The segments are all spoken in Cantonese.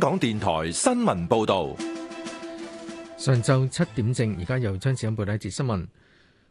香港電台新聞報道：上晝七點正，而家又將展開一節新聞。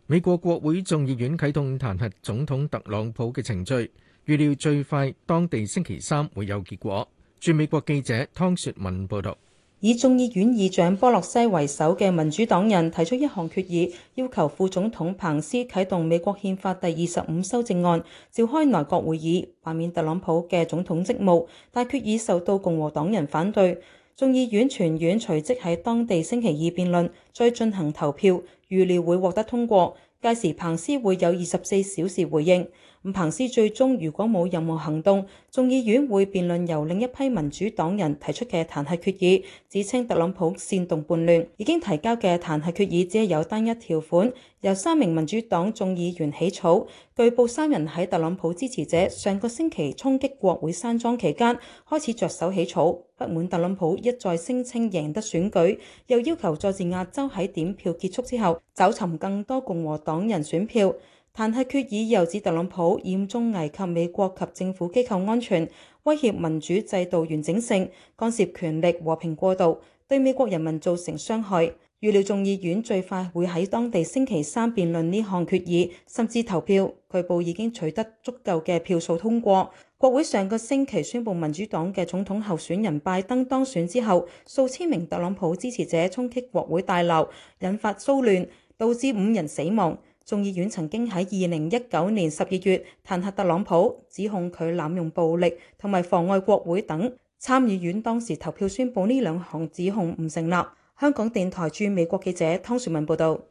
美國國會眾議院啟動彈劾總統特朗普嘅程序，預料最快當地星期三會有結果。駐美國記者湯雪文報道。以眾議院議長波洛西為首嘅民主黨人提出一項決議，要求副總統彭斯啟動美國憲法第二十五修正案，召開內閣會議，罷免特朗普嘅總統職務。但決議受到共和黨人反對。眾議院全院隨即喺當地星期二辯論，再進行投票，預料會獲得通過。屆時彭斯會有二十四小時回應。咁彭斯最終如果冇任何行動，眾議院會辯論由另一批民主黨人提出嘅彈劾決議，指稱特朗普煽動叛亂。已經提交嘅彈劾決議只係有單一條款，由三名民主黨眾議員起草。據報三人喺特朗普支持者上個星期衝擊國會山莊期間開始着手起草，不滿特朗普一再聲稱贏得選舉，又要求再次壓州喺點票結束之後找尋更多共和黨人選票。彈劾決議又指特朗普嚴重危及美國及政府機構安全，威脅民主制度完整性，干涉權力和平過渡，對美國人民造成傷害。預料眾議院最快會喺當地星期三辯論呢項決議，甚至投票。據報已經取得足夠嘅票數通過。國會上個星期宣布民主黨嘅總統候選人拜登當選之後，數千名特朗普支持者衝擊國會大樓，引發騷亂，導致五人死亡。眾議院曾經喺二零一九年十二月彈劾特朗普，指控佢濫用暴力同埋妨礙國會等。參議院當時投票宣佈呢兩項指控唔成立。香港電台駐美國記者湯雪文報導，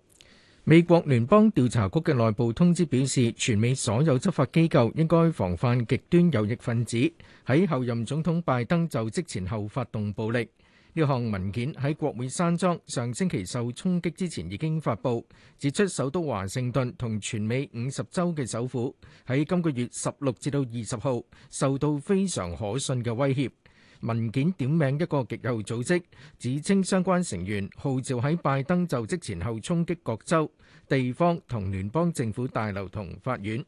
美國聯邦調查局嘅內部通知表示，全美所有執法機構應該防範極端右翼分子喺後任總統拜登就職前後發動暴力。呢項文件喺國會山莊上星期受衝擊之前已經發布，指出首都華盛頓同全美五十州嘅首府喺今個月十六至到二十號受到非常可信嘅威脅。文件點名一個極右組織，指稱相關成員號召喺拜登就職前後衝擊各州地方同聯邦政府大樓同法院。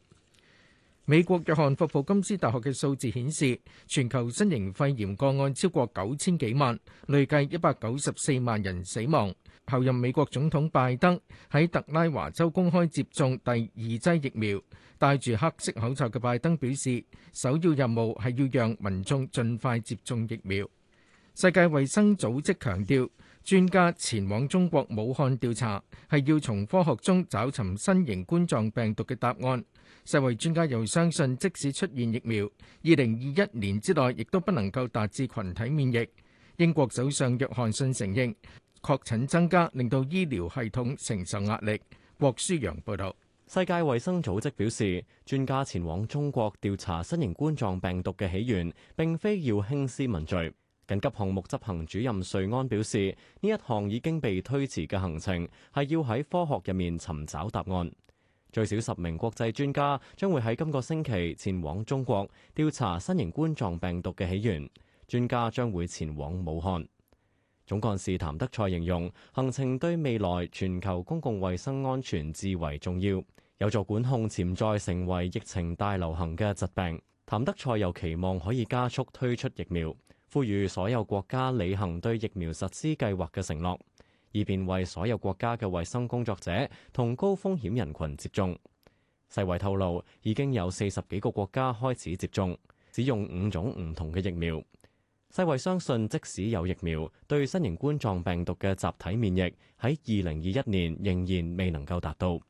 美國約翰霍普金斯大學嘅數字顯示，全球新型肺炎個案超過九千幾萬，累計一百九十四萬人死亡。候任美國總統拜登喺特拉華州公開接種第二劑疫苗，戴住黑色口罩嘅拜登表示，首要任務係要讓民眾盡快接種疫苗。世界衛生組織強調，專家前往中國武漢調查係要從科學中找尋新型冠狀病毒嘅答案。世衛專家又相信，即使出現疫苗，二零二一年之內亦都不能夠達至群體免疫。英國首相約翰遜承認，確診增加令到醫療系統承受壓力。郭舒陽報導。世界衛生組織表示，專家前往中國調查新型冠狀病毒嘅起源，並非要興師問罪。緊急項目執行主任瑞安表示，呢一項已經被推遲嘅行程係要喺科學入面尋找答案。最少十名國際專家將會喺今個星期前往中國調查新型冠狀病毒嘅起源。專家將會前往武漢。總幹事譚德塞形容，行程對未來全球公共衛生安全至為重要，有助管控潛在成為疫情大流行嘅疾病。譚德塞又期望可以加速推出疫苗。呼籲所有國家履行對疫苗實施計劃嘅承諾，以便為所有國家嘅衛生工作者同高風險人群接種。世衛透露已經有四十幾個國家開始接種，使用五種唔同嘅疫苗。世衛相信，即使有疫苗，對新型冠狀病毒嘅集體免疫喺二零二一年仍然未能夠達到。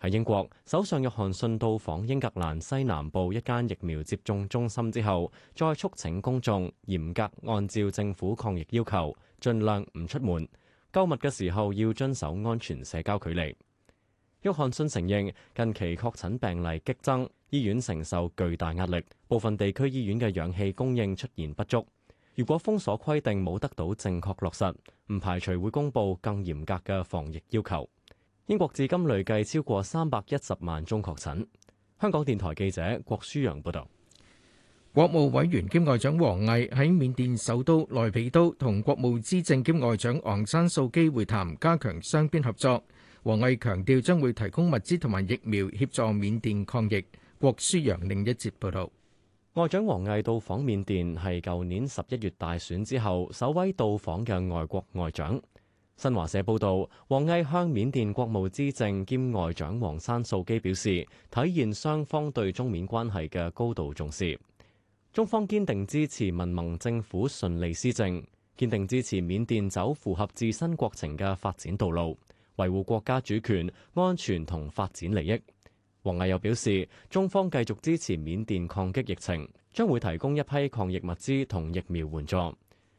喺英國，首相約翰遜到訪英格蘭西南部一間疫苗接種中心之後，再促請公眾嚴格按照政府抗疫要求，盡量唔出門，購物嘅時候要遵守安全社交距離。約翰遜承認近期確診病例激增，醫院承受巨大壓力，部分地區醫院嘅氧氣供應出現不足。如果封鎖規定冇得到正確落實，唔排除會公布更嚴格嘅防疫要求。英國至今累計超過三百一十萬宗確診。香港電台記者郭舒洋報道。國務委員兼外長王毅喺緬甸首都內比都同國務資政兼外長昂山素基會談，加強雙邊合作。王毅強調將會提供物資同埋疫苗協助緬甸抗疫。郭舒洋另一節報道。外長王毅到訪緬甸係舊年十一月大選之後首位到訪嘅外國外長。新華社報道，王毅向緬甸國務資政兼外長昂山素姬表示，體現雙方對中緬關係嘅高度重視，中方堅定支持民盟政府順利施政，堅定支持緬甸走符合自身國情嘅發展道路，維護國家主權、安全同發展利益。王毅又表示，中方繼續支持緬甸抗擊疫情，將會提供一批抗疫物資同疫苗援助。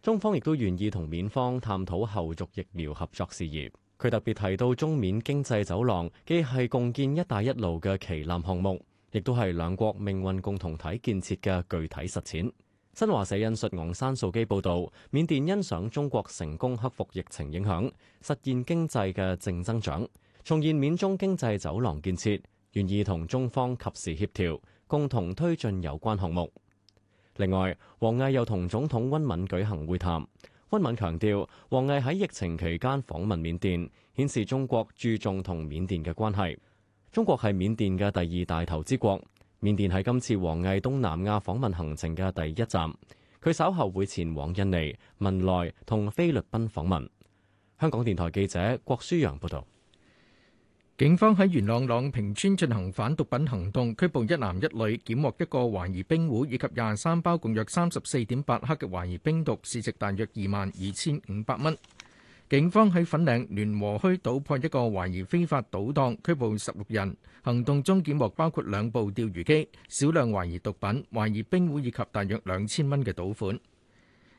中方亦都願意同緬方探討後續疫苗合作事宜。佢特別提到，中緬經濟走廊既係共建「一帶一路」嘅旗艦項目，亦都係兩國命運共同體建設嘅具體實踐。新華社引述昂山素基報導，緬甸欣賞中國成功克服疫情影響，實現經濟嘅正增長，重現緬中經濟走廊建設，願意同中方及時協調，共同推進有關項目。另外，王毅又同總統温敏舉行會談。温敏強調，王毅喺疫情期間訪問緬甸，顯示中國注重同緬甸嘅關係。中國係緬甸嘅第二大投資國，緬甸係今次王毅東南亞訪問行程嘅第一站。佢稍後會前往印尼、文萊同菲律賓訪問。香港電台記者郭舒洋報導。警方喺元朗朗平村進行反毒品行動，拘捕一男一女，檢獲一個懷疑冰壺以及廿三包共約三十四點八克嘅懷疑冰毒，市值大約二萬二千五百蚊。警方喺粉嶺聯和墟搗破一個懷疑非法賭檔，拘捕十六人。行動中檢獲包括兩部釣魚機、少量懷疑毒品、懷疑冰壺以及大約兩千蚊嘅賭款。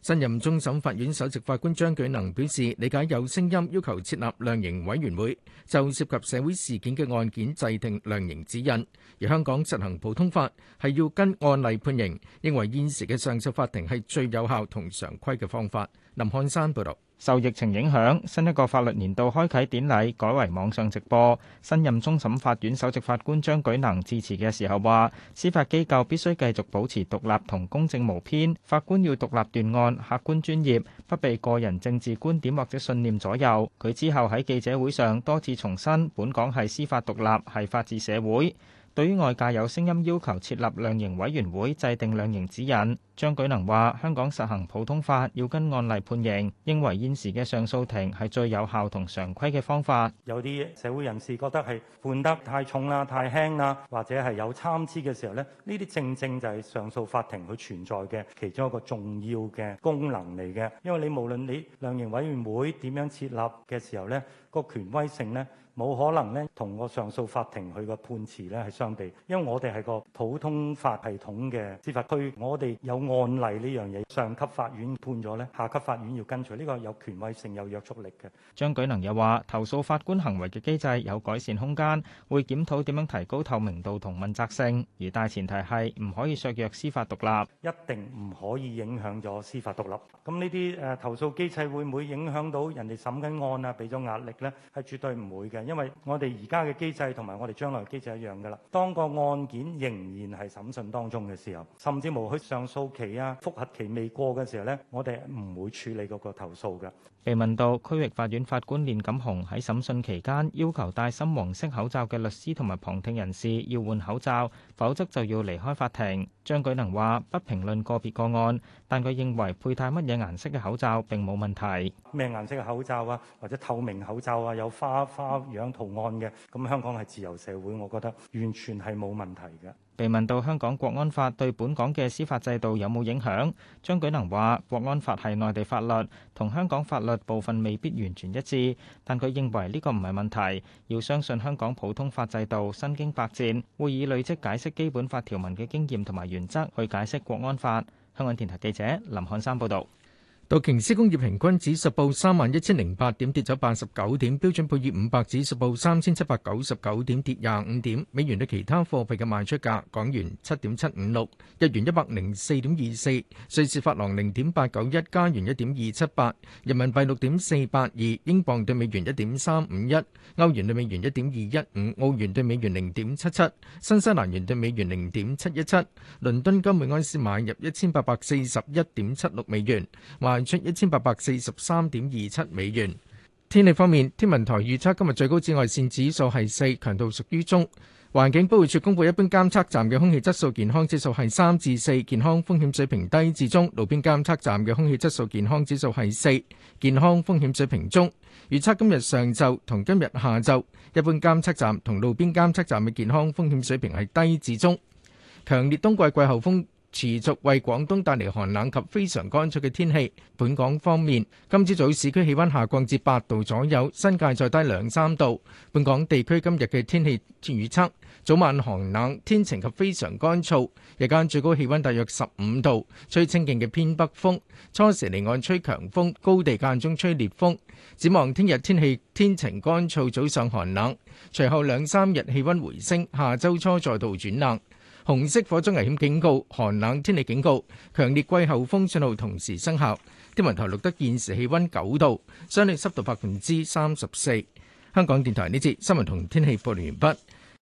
新任終審法院首席法官張舉能表示，理解有聲音要求設立量刑委員會，就涉及社會事件嘅案件制定量刑指引，而香港實行普通法係要跟案例判刑，認為現時嘅上訴法庭係最有效同常規嘅方法。林漢山報道。受疫情影響，新一個法律年度開啟典禮改為網上直播。新任終審法院首席法官張舉能致辭嘅時候話：司法機構必須繼續保持獨立同公正無偏，法官要獨立斷案、客觀專業，不被個人政治觀點或者信念左右。佢之後喺記者會上多次重申，本港係司法獨立，係法治社會。對於外界有聲音要求設立量刑委員會、制定量刑指引，張舉能話：香港實行普通法，要跟案例判刑，認為現時嘅上訴庭係最有效同常規嘅方法。有啲社會人士覺得係判得太重啦、太輕啦，或者係有參差嘅時候咧，呢啲正正就係上訴法庭佢存在嘅其中一個重要嘅功能嚟嘅。因為你無論你量刑委員會點樣設立嘅時候咧，個權威性咧。冇可能咧，同個上訴法庭佢個判詞咧係相對，因為我哋係個普通法系統嘅司法區，我哋有案例呢樣嘢，上級法院判咗咧，下級法院要跟隨，呢個有權威性、有約束力嘅。張舉能又話：投訴法官行為嘅機制有改善空間，會檢討點樣提高透明度同問責性，而大前提係唔可以削弱司法獨立，一定唔可以影響咗司法獨立。咁呢啲誒投訴機制會唔會影響到人哋審緊案啊？俾咗壓力咧，係絕對唔會嘅。因為我哋而家嘅機制同埋我哋將來嘅機制一樣噶啦。當個案件仍然係審訊當中嘅時候，甚至無去上訴期啊、複核期未過嘅時候呢，我哋唔會處理嗰個投訴㗎。被問到區域法院法官練錦鴻喺審訊期間要求戴深黃色口罩嘅律師同埋旁聽人士要換口罩，否則就要離開法庭。張舉能話：不評論個別個案。但佢認為佩戴乜嘢顏色嘅口罩並冇問題。咩顏色嘅口罩啊，或者透明口罩啊，有花花樣圖案嘅咁，香港係自由社會，我覺得完全係冇問題嘅。被問到香港國安法對本港嘅司法制度有冇影響，張舉能話：國安法係內地法律，同香港法律部分未必完全一致，但佢認為呢個唔係問題，要相信香港普通法制度身經百戰，會以累積解釋基本法條文嘅經驗同埋原則去解釋國安法。香港電台記者林漢山報道。道瓊斯工業平均指數報三萬一千零八點，跌咗八十九點。標準普爾五百指數報三千七百九十九點，跌廿五點。美元對其他貨幣嘅賣出價：港元七點七五六，日元一百零四點二四，瑞士法郎零點八九一，加元一點二七八，人民幣六點四八二，英鎊對美元一點三五一，歐元對美元一點二一五，澳元對美元零點七七，新西蘭元對美元零點七一七。倫敦金每安士買入一千八百四十一點七六美元。話，出一千八百四十三點二七美元。天氣方面，天文台預測今日最高紫外線指數係四，強度屬於中。環境保護署公佈一般監測站嘅空氣質素健康指數係三至四，健康風險水平低至中；路邊監測站嘅空氣質素健康指數係四，健康風險水平中。預測今日上晝同今日下晝，一般監測站同路邊監測站嘅健康風險水平係低至中。強烈冬季季候風。持續為廣東帶嚟寒冷及非常乾燥嘅天氣。本港方面，今朝早市區氣温下降至八度左右，新界再低兩三度。本港地區今日嘅天氣預測：早晚寒冷，天晴及非常乾燥，日間最高氣温大約十五度，吹清勁嘅偏北風，初時離岸吹強風，高地間中吹烈風。展望聽日天氣天晴乾燥，早上寒冷，隨後兩三日氣温回升，下周初再度轉冷。紅色火災危險警告、寒冷天氣警告、強烈季候風信號同時生效。天文台錄得現時氣溫九度，相對濕度百分之三十四。香港電台呢節新聞同天氣報告完畢。